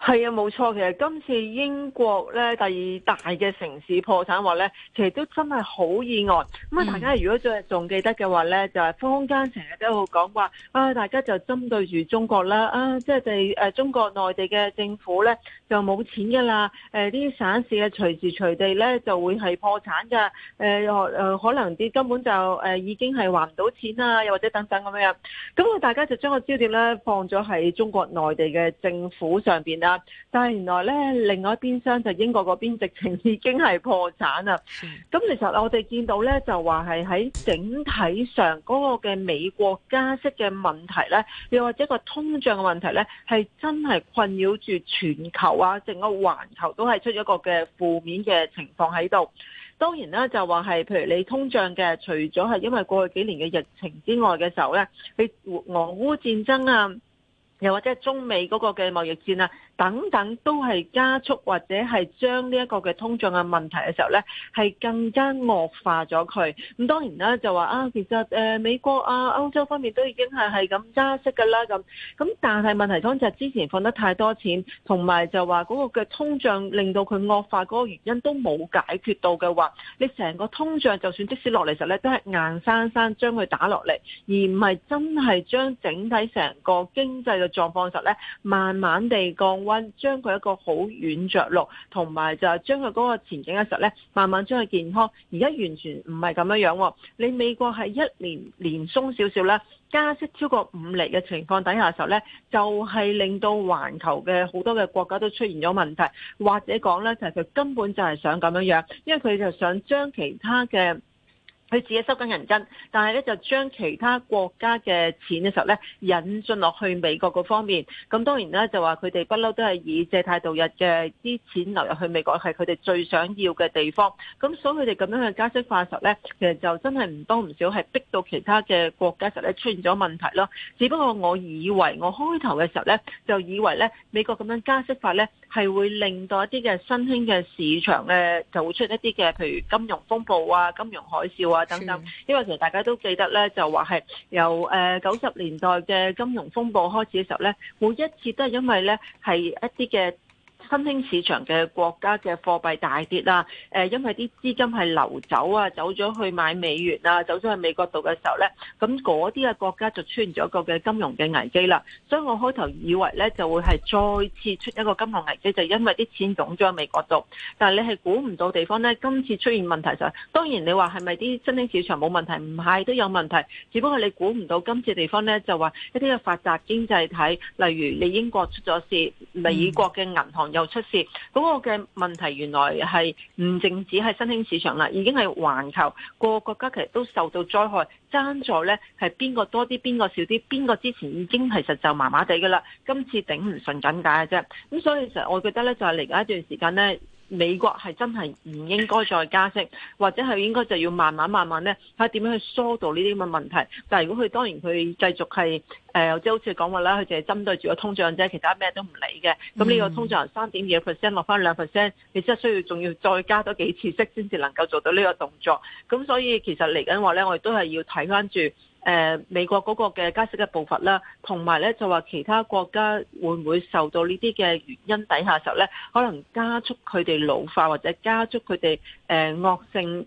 係啊，冇錯。其實今次英國咧第二大嘅城市破產話咧，其實都真係好意外。咁、嗯、啊，大家如果仲記得嘅話咧，就係、是、坊間成日都會講話啊，大家就針對住中國啦啊，即係中國內地嘅政府咧就冇錢噶啦，誒啲省市嘅隨時隨地咧就會係破產噶，誒、啊呃、可能啲根本就誒已經係還唔到錢啦，又或者等等咁樣。咁啊，大家就將個焦點咧放咗喺中國內地嘅政府上邊啦。但係原來咧，另外一邊廂就英國嗰邊直情已經係破產啦。咁其實我哋見到咧，就話係喺整體上嗰個嘅美國加息嘅問題咧，又或者個通脹嘅問題咧，係真係困擾住全球啊，整個環球都係出咗一個嘅負面嘅情況喺度。當然啦，就話係譬如你通脹嘅，除咗係因為過去幾年嘅疫情之外嘅時候咧，你俄烏戰爭啊，又或者中美嗰個嘅貿易戰啊。等等都係加速或者係將呢一個嘅通脹嘅問題嘅時候咧，係更加惡化咗佢。咁當然啦，就話啊，其實誒美國啊、歐洲方面都已經係係咁加息噶啦咁。咁但係問題當中就係之前放得太多錢，同埋就話嗰個嘅通脹令到佢惡化嗰個原因都冇解決到嘅話，你成個通脹就算即使落嚟時候咧，都係硬生生將佢打落嚟，而唔係真係將整體成個經濟嘅狀況實咧慢慢地降。將佢一個好軟着陸，同埋就係將佢嗰個前景嘅時候咧，慢慢將佢健康。而家完全唔係咁樣樣，你美國係一年連鬆少少啦，加息超過五厘嘅情況底下嘅時候咧，就係令到環球嘅好多嘅國家都出現咗問題，或者講咧就係佢根本就係想咁樣樣，因為佢就想將其他嘅。佢自己收緊銀根，但係咧就將其他國家嘅錢嘅時候咧引進落去美國嗰方面。咁當然啦，就話佢哋不嬲都係以借貸度日嘅啲錢流入去美國，係佢哋最想要嘅地方。咁所以佢哋咁樣嘅加息法嘅時候咧，其實就真係唔多唔少係逼到其他嘅國家時候咧出現咗問題咯。只不過我以為我開頭嘅時候咧就以為咧美國咁樣加息法咧係會令到一啲嘅新興嘅市場咧就會出一啲嘅譬如金融風暴啊、金融海嘯啊。啊，等等，因為其實大家都記得咧，就話係由誒九十年代嘅金融風暴開始嘅時候咧，每一次都係因為咧，係一啲嘅。新興市場嘅國家嘅貨幣大跌啦，誒，因為啲資金係流走啊，走咗去買美元啊，走咗去美國度嘅時候呢，咁嗰啲嘅國家就出現咗一個嘅金融嘅危機啦。所以我開頭以為呢就會係再次出一個金融危機，就是、因為啲錢湧咗喺美國度。但係你係估唔到地方呢，今次出現問題就，當然你話係咪啲新興市場冇問題？唔係都有問題，只不過你估唔到今次地方呢，就話一啲嘅發達經濟體，例如你英國出咗事，美國嘅銀行又出事，咁我嘅問題原來係唔淨止係新興市場啦，已經係環球各個國家其實都受到災害，爭在咧係邊個多啲，邊個少啲，邊個之前已經其實就麻麻地噶啦，今次頂唔順緊解嘅啫，咁所以其實我覺得咧就係嚟緊一段時間咧。美國係真係唔應該再加息，或者係應該就要慢慢慢慢咧，睇下點樣去疏導呢啲咁嘅問題。但如果佢當然佢繼續係誒、呃，即係好似講話啦，佢淨係針對住個通脹啫，其他咩都唔理嘅。咁呢個通脹三點二 percent 落翻兩 percent，你真係需要仲要再加多幾次息，先至能夠做到呢個動作。咁所以其實嚟緊話咧，我哋都係要睇翻住。誒、呃，美國嗰個嘅加息嘅步伐啦，同埋咧就話其他國家會唔會受到呢啲嘅原因底下時候咧，可能加速佢哋老化或者加速佢哋誒惡性。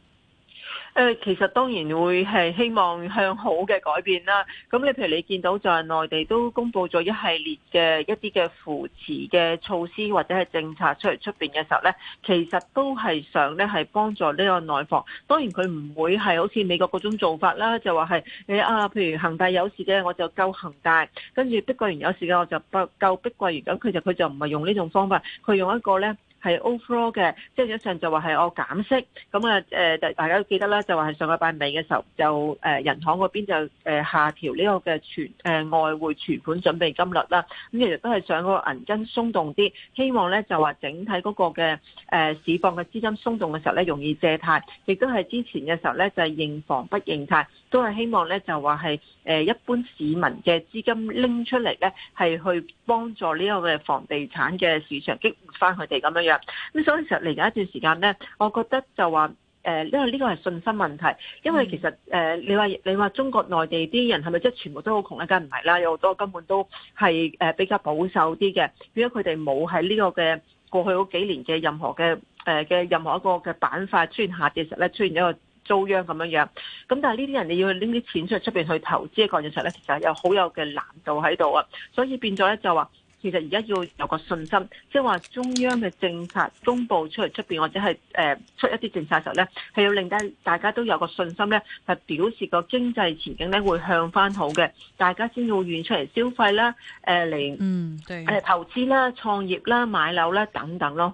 誒、呃，其實當然會係希望向好嘅改變啦。咁你譬如你見到就係內地都公布咗一系列嘅一啲嘅扶持嘅措施或者係政策出嚟出邊嘅時候咧，其實都係想咧係幫助呢個內房。當然佢唔會係好似美國嗰種做法啦，就話係誒啊，譬如恒大有事嘅我就救恒大，跟住碧桂園有事嘅我就救碧桂園。咁其實佢就唔係用呢種方法，佢用一個咧。係 overall 嘅，即係上就話係我減息咁啊誒，大家都記得啦，就話係上個拜尾嘅時候就誒銀行嗰邊就誒下調呢個嘅存誒外匯存款準備金率啦。咁其實都係想個銀根鬆動啲，希望咧就話整體嗰個嘅誒市況嘅資金鬆動嘅時候咧，容易借貸。亦都係之前嘅時候咧，就係認房不認貸，都係希望咧就話係誒一般市民嘅資金拎出嚟咧，係去幫助呢個嘅房地產嘅市場激活翻佢哋咁樣樣。咁所以其實嚟緊一段時間咧，我覺得就話誒，因為呢個係信心問題。因為其實誒，你話你話中國內地啲人係咪即係全部都好窮咧？梗唔係啦，有好多根本都係誒比較保守啲嘅。如果佢哋冇喺呢個嘅過去嗰幾年嘅任何嘅誒嘅任何一個嘅板塊出現下跌嘅時候咧，出現一個遭殃咁樣樣。咁但係呢啲人你要拎啲錢出去出邊去投資，嘅時候咧，其實有好有嘅難度喺度啊。所以變咗咧就話。其實而家要有個信心，即係話中央嘅政策公布出嚟出面，或者係誒、呃、出一啲政策時候咧，係要令到大家都有個信心咧，係表示個經濟前景咧會向翻好嘅，大家先會願出嚟消費啦、誒、呃、嚟、嗯、投資啦、創業啦、買樓啦等等咯。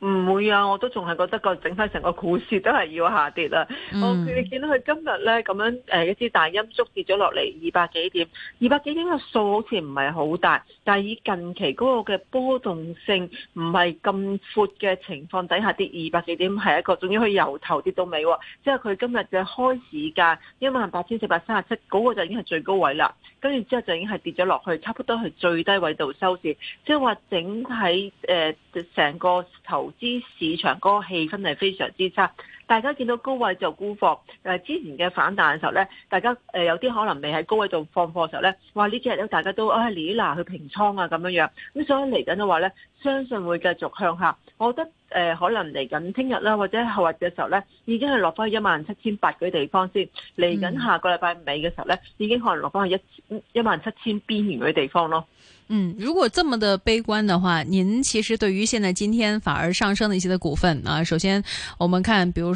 唔會啊！我都仲係覺得整體整個整翻成個股市都係要下跌啦，嗯。我見見到佢今日咧咁樣，誒，一支大陰燭跌咗落嚟，二百幾點，二百幾點嘅數好似唔係好大，但係以近期嗰個嘅波動性唔係咁闊嘅情況底下跌二百幾點係一個，仲要佢由頭跌到尾。即係佢今日嘅開市價一萬八千四百三十七，嗰個就已經係最高位啦。跟住之後就已經係跌咗落去，差不多去最低位度收市。即係話整體誒，成，呃，個頭。投資市場嗰個氣氛係非常之差。大家見到高位就沽貨，誒之前嘅反彈嘅時候咧，大家、呃、有啲可能未喺高位度放貨嘅時候咧，哇！呢幾日咧大家都啊嚟嗱去平倉啊咁樣樣，咁所以嚟緊嘅話咧，相信會繼續向下。我覺得誒、呃、可能嚟緊聽日啦，或者後日嘅時候咧，已經係落翻去一萬七千八嗰啲地方先。嚟緊下，下個禮拜尾嘅時候咧，已經可能落翻去一一萬七千邊緣嗰啲地方咯。嗯，如果這麼的悲觀的話，您其實對於現在今天反而上升的一些的股份啊，首先我們看，比如。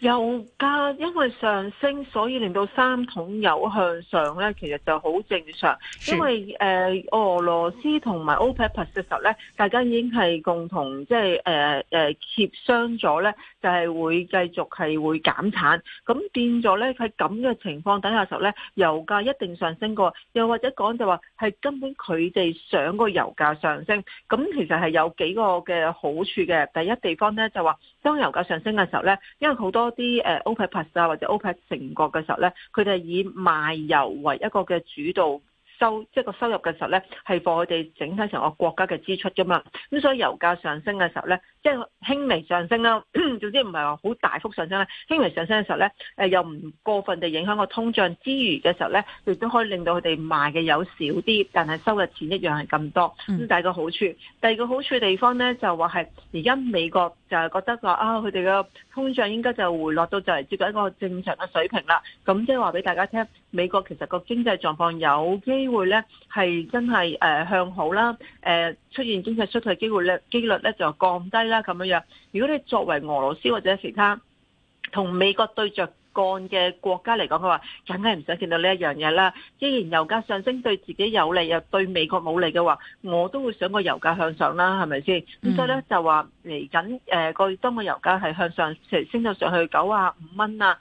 油價因為上升，所以令到三桶油向上咧，其實就好正常。因為誒、呃、俄羅斯同埋 OPEC+ 嘅時候咧，大家已經係共同即係誒誒協商咗咧，就係、是、會繼續係會減產。咁變咗咧佢咁嘅情況底下時候咧，油價一定上升過。又或者講就話係根本佢哋想個油價上升，咁其實係有幾個嘅好處嘅。第一地方咧就話。當油價上升嘅時候咧，因為好多啲誒 OPEC+ 啊或者 OPEC 成員國嘅時候咧，佢哋以賣油為一個嘅主導收，即係個收入嘅時候咧，係幫佢哋整體成個國家嘅支出噶嘛。咁所以油價上升嘅時候咧，即係輕微上升啦，總之唔係話好大幅上升啦，輕微上升嘅時候咧，誒又唔過分地影響個通脹之餘嘅時候咧，亦都可以令到佢哋賣嘅油少啲，但係收嘅錢一樣係咁多。咁第一個好處，第二個好處地方咧就話係而家美國。就係覺得話啊，佢哋嘅通脹應該就回落到就係接近一個正常嘅水平啦。咁即係話俾大家聽，美國其實個經濟狀況有機會呢係真係，呃，向好啦，呃，出現經濟衰退機會機呢，幾率呢就降低啦咁樣樣。如果你作為俄羅斯或者其他同美國對着幹嘅國家嚟講，佢話梗係唔想見到呢一樣嘢啦。既然油價上升對自己有利，又對美國冇利嘅話，我都會想個油價向上啦，係咪先？咁、嗯、所以咧就話嚟緊誒個當日油價係向上，升到上去九啊五蚊啊。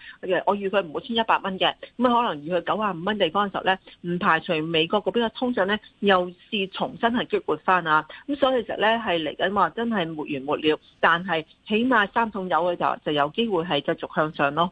我預佢唔會穿一百蚊嘅，咁可能預佢九啊五蚊地方嘅時候咧，唔排除美國嗰邊嘅通脹咧又是重新係激活翻啊。咁所以其實咧係嚟緊話真係沒完沒了，但係起碼三桶油嘅時候，就有機會係繼續向上咯。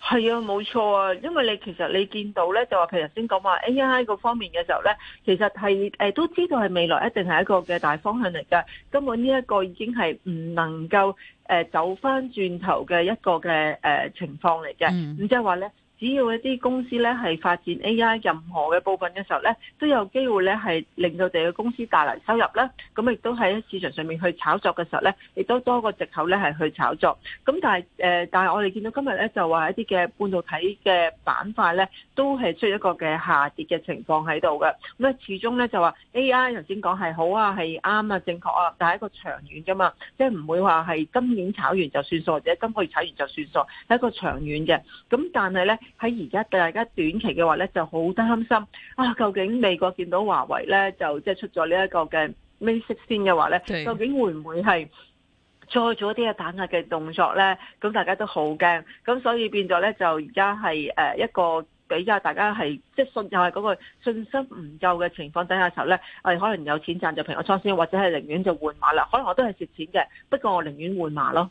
係啊，冇錯啊，因為你其實你見到咧，就話譬如頭先講話 AI 嗰方面嘅時候咧，其實係誒、呃、都知道係未來一定係一個嘅大方向嚟嘅。根本呢一個已經係唔能夠誒、呃、走翻轉頭嘅一個嘅誒、呃、情況嚟嘅。咁、嗯、即係話咧。只要一啲公司咧係發展 AI 任何嘅部分嘅時候咧，都有機會咧係令到哋嘅公司帶嚟收入啦。咁亦都喺市場上面去炒作嘅時候咧，亦都多個藉口咧係去炒作。咁但係、呃、但係我哋見到今日咧就話一啲嘅半導體嘅板塊咧，都係出現一個嘅下跌嘅情況喺度嘅。咁咧始終咧就話 AI 頭先講係好啊，係啱啊，正確啊，但係一個長遠㗎嘛，即係唔會話係今年炒完就算數，或者今個月炒完就算數，係一個長遠嘅。咁但係咧。喺而家大家短期嘅話咧，就好擔心啊！究竟美國見到華為咧，就即係出咗呢一個嘅 message 先嘅話咧，究竟會唔會係再做一啲嘅打壓嘅動作咧？咁大家都好驚，咁所以變咗咧就而家係誒一個比較大家係即係信又係嗰個信心唔夠嘅情況底下時候咧，我、啊、可能有錢賺就平咗倉先，或者係寧願就換碼啦。可能我都係蝕錢嘅，不過我寧願換碼咯。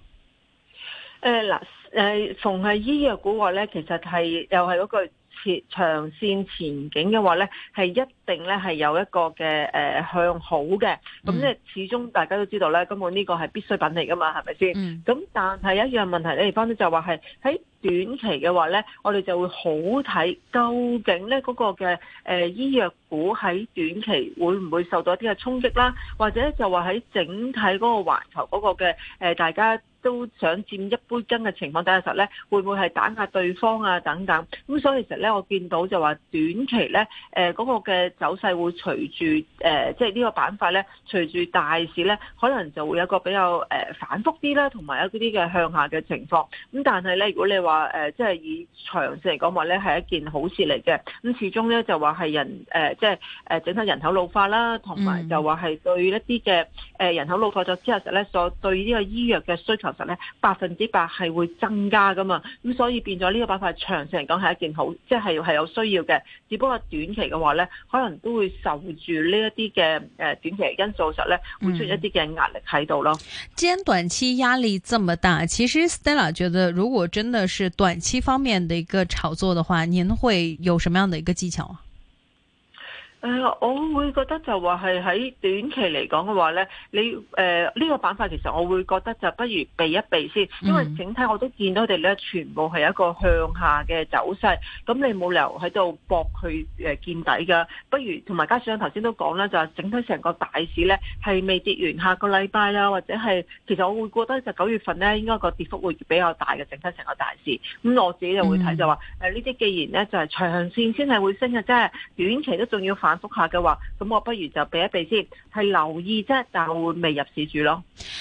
誒、呃、嗱，誒、呃，逢係醫藥股話咧，其實係又係嗰句前長線前景嘅話咧，係一定咧係有一個嘅誒、呃、向好嘅。咁即係始終大家都知道咧，根本呢個係必需品嚟噶嘛，係咪先？咁、嗯、但係有一樣問題咧、就是，方叔就話係喺短期嘅話咧，我哋就會好睇究竟咧嗰、那個嘅誒、呃、醫藥股喺短期會唔會受到一啲嘅衝擊啦？或者就話喺整體嗰個環球嗰個嘅誒、呃、大家。都想佔一杯羹嘅情況底下，實咧會唔會係打壓對方啊？等等咁，所以其實咧，我見到就話短期咧，誒嗰個嘅走勢會隨住誒，即係呢個板塊咧，隨住大市咧，可能就會有個比較誒反覆啲啦，同埋有啲嘅向下嘅情況。咁但係咧，如果你話誒，即係以長線嚟講話咧，係一件好事嚟嘅。咁始終咧就話係人誒，即係誒整體人口老化啦，同埋就話係對一啲嘅誒人口老化咗之後實咧，所對呢個醫藥嘅需求。實、嗯、咧，百分之百係會增加噶嘛，咁所以變咗呢個板塊長線嚟講係一件好，即係係有需要嘅。只不過短期嘅話咧，可能都會受住呢一啲嘅誒短期嘅因素，實咧會出現一啲嘅壓力喺度咯。既然短期壓力這麼大，其實 Stella 覺得如果真的是短期方面的一個炒作嘅話，您會有什麼樣的一個技巧啊？誒、呃，我會覺得就話係喺短期嚟講嘅話咧，你誒呢、呃這個板塊其實我會覺得就不如避一避先，因為整體我都見到佢哋咧全部係一個向下嘅走勢，咁你冇理由喺度搏佢誒見底噶，不如同埋加上頭先都講啦，就係整體成個大市咧係未跌完下個禮拜啦，或者係其實我會覺得就九月份咧應該個跌幅會比較大嘅整體成個大市。咁我自己就會睇就話呢啲既然咧就係、是、長線先係會升嘅，即係短期都仲要反反覆下嘅話，咁我不如就避一避先，係留意啫，但係會未入市住咯。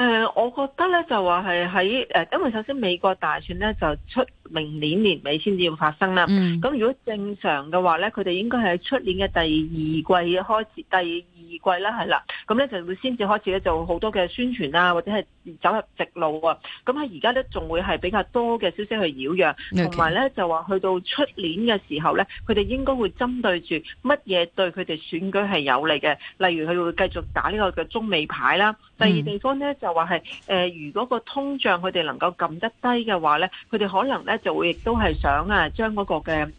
誒、呃，我覺得咧就話係喺誒，因為首先美國大選咧就出明年年尾先至要發生啦。咁、嗯、如果正常嘅話咧，佢哋應該係出年嘅第二季開始，第二季啦係啦。咁咧就會先至開始咧就好多嘅宣傳啊，或者係走入直路啊。咁喺而家咧仲會係比較多嘅消息去擾攘，同埋咧就話去到出年嘅時候咧，佢哋應該會針對住乜嘢對佢哋選舉係有利嘅，例如佢會繼續打呢個嘅中美牌啦。嗯、第二地方咧就話係誒，如果個通脹佢哋能夠撳得低嘅話咧，佢哋可能咧就會亦都係想啊將嗰個嘅誒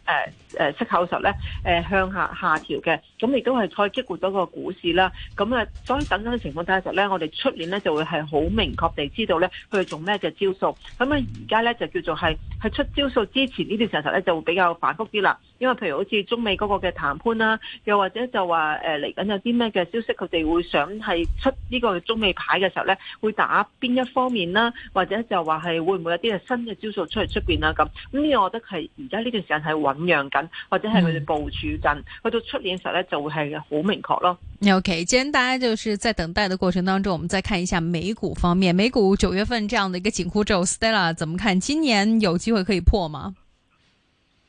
誒息口實咧誒向下下調嘅，咁亦都係再激活咗個股市啦。咁啊，所以等等嘅情況底下實咧，我哋出年咧就會係好明確地知道咧，佢哋做咩嘅招數。咁啊，而家咧就叫做係喺出招數之前呢段時間實咧就會比較反覆啲啦。因為譬如好似中美嗰個嘅談判啦、啊，又或者就話誒嚟緊有啲咩嘅消息佢哋會想係出呢個中美牌嘅時候咧，會打邊一方面啦，或者就話係會唔會有啲新嘅招數出嚟出邊啦咁。咁呢，個我覺得係而家呢段時間係醞釀緊，或者係佢哋部署緊，去、嗯、到出年的時候咧就會係好明確咯。OK，既然大家就是在等待嘅過程當中，我們再看一下美股方面，美股九月份這樣的一個緊箍咒，Stella，怎麼看今年有機會可以破嗎？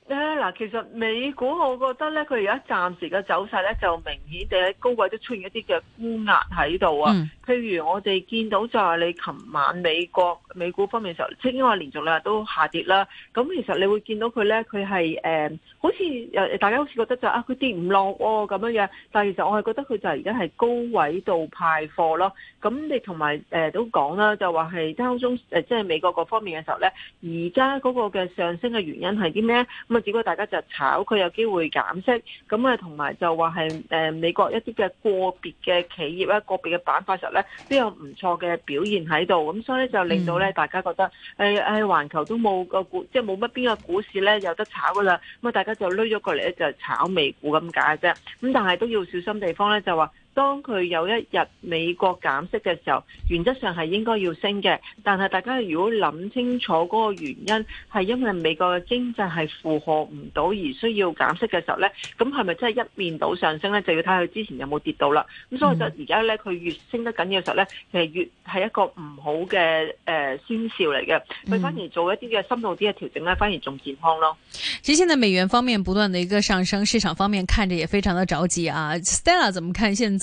咧嗱，其實美股我覺得咧，佢而家暫時嘅走勢咧，就明顯地喺高位都出現一啲嘅沽壓喺度啊。譬如我哋見到就係你琴晚美國美股方面嘅時候，即係話連續兩日都下跌啦。咁其實你會見到佢咧，佢係誒，好似誒，大家好似覺得就啊，佢跌唔落喎咁樣樣。但係其實我係覺得佢就係而家係高位度派貨咯。咁你同埋誒都講啦，就話係當中誒，即、呃、係、就是、美國各方面嘅時候咧，而家嗰個嘅上升嘅原因係啲咩？咁啊，只不過大家就炒佢有機會減息，咁啊，同埋就話係美國一啲嘅個別嘅企業啊，個別嘅板塊實呢，咧，都有唔錯嘅表現喺度，咁所以咧就令到咧大家覺得誒誒，環、嗯哎、球都冇個股，即係冇乜邊個股市咧有得炒噶啦，咁啊，大家就攞咗過嚟咧就炒美股咁解啫，咁但係都要小心地方咧就話。當佢有一日美國減息嘅時候，原則上係應該要升嘅。但係大家如果諗清楚嗰個原因係因為美國嘅經濟係負荷唔到而需要減息嘅時候咧，咁係咪真係一面倒上升咧？就要睇佢之前有冇跌到啦。咁所以就而家咧，佢越升得緊嘅時候咧，其實越係一個唔好嘅誒先兆嚟嘅。佢、呃、反而做一啲嘅深度啲嘅調整咧，反而仲健康咯。其實現在美元方面不斷嘅一個上升，市場方面看着也非常的着急啊。Stella，怎麼看現在？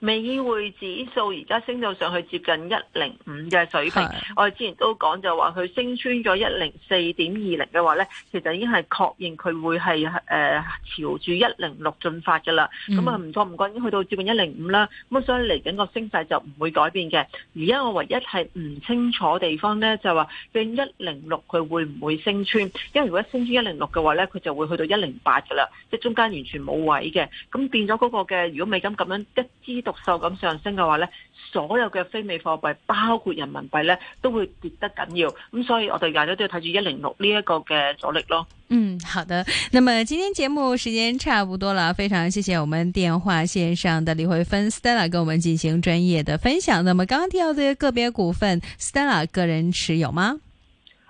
美匯指數而家升到上去接近一零五嘅水平，我哋之前都講就話佢升穿咗一零四點二零嘅話咧，其實已經係確認佢會係誒、呃、朝住一零六進發噶啦。咁啊唔錯唔覺，不過不過已經去到接近一零五啦。咁所以嚟緊個升勢就唔會改變嘅。而家我唯一係唔清楚地方咧，就係話變一零六佢會唔會升穿？因為如果升穿一零六嘅話咧，佢就會去到一零八噶啦，即係中間完全冇位嘅。咁變咗嗰個嘅，如果美金咁樣一支。續受咁上升嘅話呢，所有嘅非美貨幣包括人民幣呢，都會跌得緊要，咁所以我哋大家都要睇住一零六呢一個嘅阻力咯。嗯，好的，那麼今天節目時間差不多啦，非常謝謝我們電話線上的李慧芬 Stella 跟我們進行專業嘅分享。那麼剛剛提到啲個別股份，Stella 個人持有嗎？